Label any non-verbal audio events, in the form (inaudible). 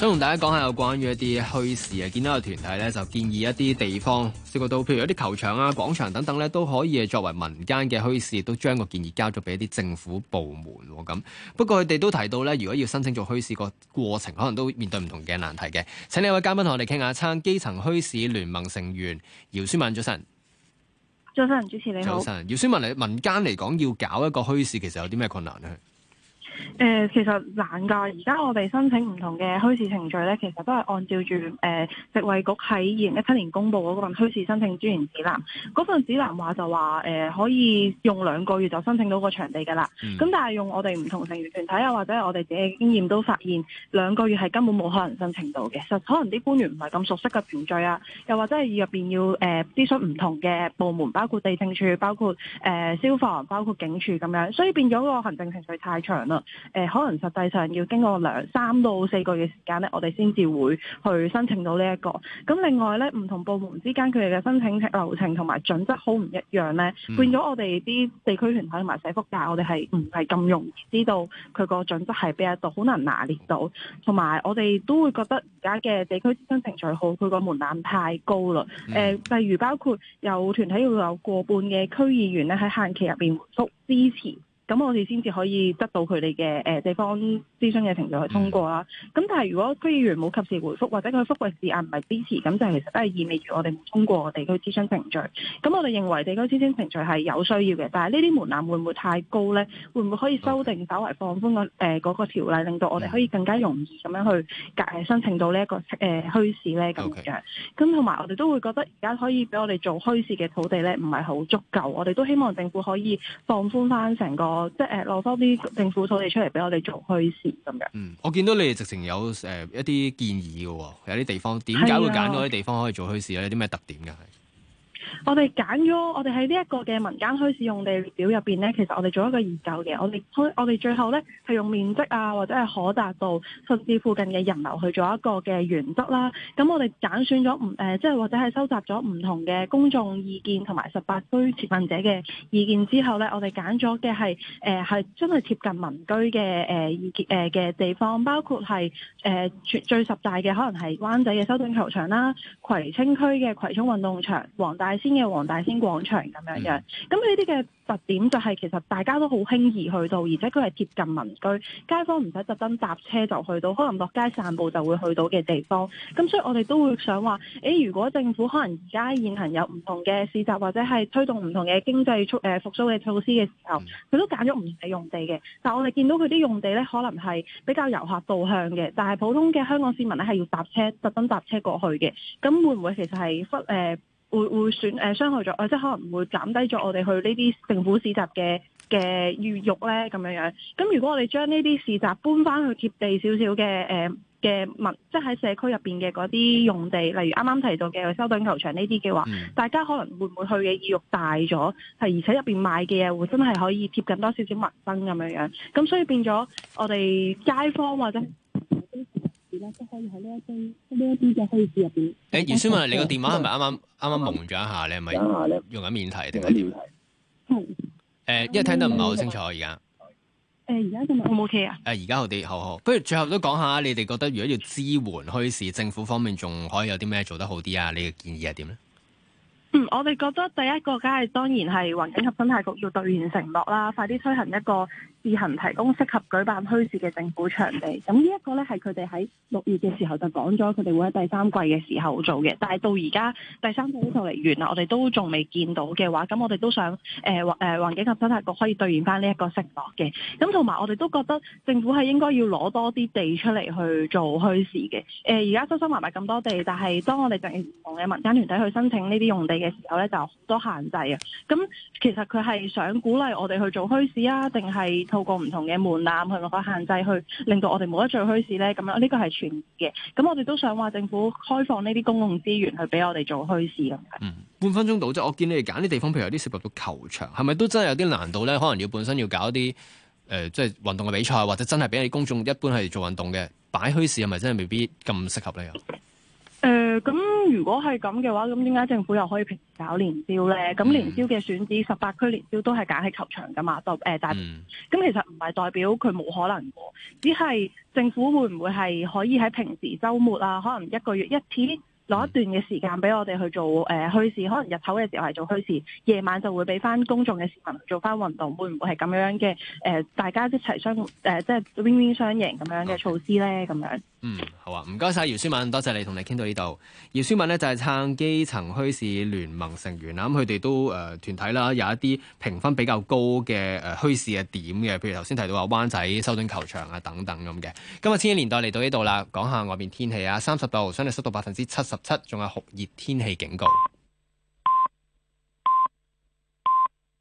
想同大家講下有關於一啲墟市啊，見到個團體咧就建議一啲地方，涉及到譬如一啲球場啊、廣場等等咧，都可以作為民間嘅墟市，都將個建議交咗俾一啲政府部門咁。不過佢哋都提到咧，如果要申請做墟市個過程，可能都面對唔同嘅難題嘅。請你位嘉賓同我哋傾下，撐基層墟市聯盟成員姚舒敏早晨。早晨，主持你好，早晨。姚舒敏嚟民間嚟講，要搞一個墟市，其實有啲咩困難呢？誒、呃，其實難噶。而家我哋申請唔同嘅墟市程序咧，其實都係按照住誒食衛局喺二零一七年公布嗰份墟市申請專員指南。嗰份指南話就話，誒、呃、可以用兩個月就申請到個場地噶啦。咁、嗯、但係用我哋唔同成員團體又或者係我哋自己經驗都發現，兩個月係根本冇可能申請到嘅。其實可能啲官員唔係咁熟悉嘅程序啊，又或者係入邊要誒諮詢唔同嘅部門，包括地政處、包括誒、呃、消防、包括警署咁樣，所以變咗個行政程、程序太長啦。誒、呃，可能實際上要經過兩三到四個月時間咧，我哋先至會去申請到呢、這、一個。咁另外咧，唔同部門之間佢哋嘅申請流程同埋準則好唔一樣咧，嗯、變咗我哋啲地區團體同埋社福界，我哋係唔係咁容易知道佢個準則係邊一度，好難拿捏到。同埋我哋都會覺得而家嘅地區諮詢程序好，佢個門檻太高啦。誒、呃，例如包括有團體要有過半嘅區議員咧喺限期入邊回覆支持。咁我哋先至可以得到佢哋嘅誒地方諮詢嘅程序去通過啦。咁但係如果區議員冇及時回覆，或者佢覆嘅時間唔係支持，咁就其實都係意味住我哋冇通過地區諮詢程序。咁我哋認為地區諮詢程序係有需要嘅，但係呢啲門檻會唔會太高呢？會唔會可以修訂、稍為放寬嗰誒、呃嗰個條例，令到我哋可以更加容易咁樣去申請到呢、呢、一個誒、呃、墟市呢？咁樣？咁同埋我哋都會覺得而家可以俾我哋做墟市嘅土地呢，唔係好足夠。我哋都希望政府可以放寬翻成個。即係誒攞多啲政府土地出嚟俾我哋做墟市咁嘅。嗯，我見到你哋直情有誒、呃、一啲建議嘅喎，有啲地方點解會揀到啲地方可以做墟市咧？有啲咩特點嘅？我哋揀咗，我哋喺呢一個嘅民間墟市用地列表入邊咧，其實我哋做一個研究嘅，我哋開我哋最後咧係用面積啊，或者係可達到甚至附近嘅人流去做一個嘅原則啦。咁、嗯、我哋揀選咗唔誒，即、呃、係或者係收集咗唔同嘅公眾意見同埋十八區持份者嘅意見之後咧，我哋揀咗嘅係誒係真係貼近民居嘅誒意見誒嘅地方，包括係誒、呃、最，最十大嘅可能係灣仔嘅修頓球場啦，葵青區嘅葵涌運動場，黃大。大仙嘅黃大仙廣場咁樣樣，咁呢啲嘅特點就係、是、其實大家都好輕易去到，而且佢係貼近民居，街坊唔使特登搭車就去到，可能落街散步就會去到嘅地方。咁所以我哋都會想話，誒、欸，如果政府可能而家現行有唔同嘅市集，或者係推動唔同嘅經濟促誒復蘇嘅措施嘅時候，佢、嗯、都揀咗唔同嘅用地嘅，但係我哋見到佢啲用地咧，可能係比較遊客導向嘅，但係普通嘅香港市民咧係要搭車特登搭車過去嘅，咁會唔會其實係忽誒？呃會會損誒、呃、傷害咗，誒，即係可能唔會減低咗我哋去呢啲政府市集嘅嘅意欲咧咁樣樣。咁如果我哋將呢啲市集搬翻去貼地少少嘅誒嘅民，即係喺社區入邊嘅嗰啲用地，例如啱啱提到嘅修頓球場呢啲嘅話，嗯、大家可能會唔會去嘅意欲大咗？係，而且入邊買嘅嘢會真係可以貼近多少少民生咁樣樣。咁所以變咗我哋街坊或者、嗯。有可以喺呢一啲，呢一啲嘅墟市入邊。誒、欸，舒敏、嗯、你個電話係咪啱啱啱啱矇咗一下？嗯、你係咪用緊免提定係耳提？係誒，因為、嗯、聽得唔係好清楚。而家誒，而家今日好唔好？O K 啊？誒，而家好啲。好好。不如最後都講下，你哋覺得如果要支援墟市，政府方面仲可以有啲咩做得好啲啊？你嘅建議係點咧？嗯，我哋覺得第一個梗係當然係環境及生態局要兌現承諾啦，快啲推行一個自行提供適合舉辦墟市嘅政府場地。咁呢一個呢，係佢哋喺六月嘅時候就講咗，佢哋會喺第三季嘅時候做嘅。但係到而家第三季都仲嚟完啦，我哋都仲未見到嘅話，咁我哋都想誒誒、呃呃、環境及生態局可以兌現翻呢一個承諾嘅。咁同埋我哋都覺得政府係應該要攞多啲地出嚟去做墟市嘅。誒而家收收埋埋咁多地，但係當我哋同嘅民間團體去申請呢啲用地。嘅時候咧就好多限制，嗯、啊！咁其實佢係想鼓勵我哋去做墟市啊，定係透過唔同嘅門檻去落個限制，去令到我哋冇得做墟市咧？咁樣呢個係存疑嘅。咁我哋都想話政府開放呢啲公共資源去俾我哋做墟市咯。嗯，半分鐘到啫。我見你哋揀啲地方，譬如有啲涉及到球場，係咪都真係有啲難度咧？可能要本身要搞一啲誒、呃，即係運動嘅比賽，或者真係俾啲公眾一般係做運動嘅擺墟市，係咪真係未必咁適合你咧？誒，咁、呃、如果係咁嘅話，咁點解政府又可以平時搞年宵呢？咁 (noise) 年宵嘅選址，十八區年宵都係揀喺球場噶嘛？就、呃、誒，大，咁 (noise) 其實唔係代表佢冇可能喎，只係政府會唔會係可以喺平時周末啊，可能一個月一次？攞一段嘅時間俾我哋去做誒、呃、墟市，可能日頭嘅時候係做墟市，夜晚就會俾翻公眾嘅市民做翻運動，會唔會係咁樣嘅誒、呃？大家一齊雙誒，即係 win win 相贏咁樣嘅措施咧？咁樣 Okay. 嗯，好啊，唔該晒。姚舒敏，多謝你同你哋傾到呢度。姚舒敏呢，就係撐基層墟市聯盟成員啦，咁佢哋都誒團、呃、體啦，有一啲評分比較高嘅誒墟市嘅點嘅，譬如頭先提到話灣仔修頓球場啊等等咁嘅。今日千禧年代嚟到呢度啦，講下外邊天氣啊，三十度，相對濕度百分之七十。七仲有酷熱天氣警告。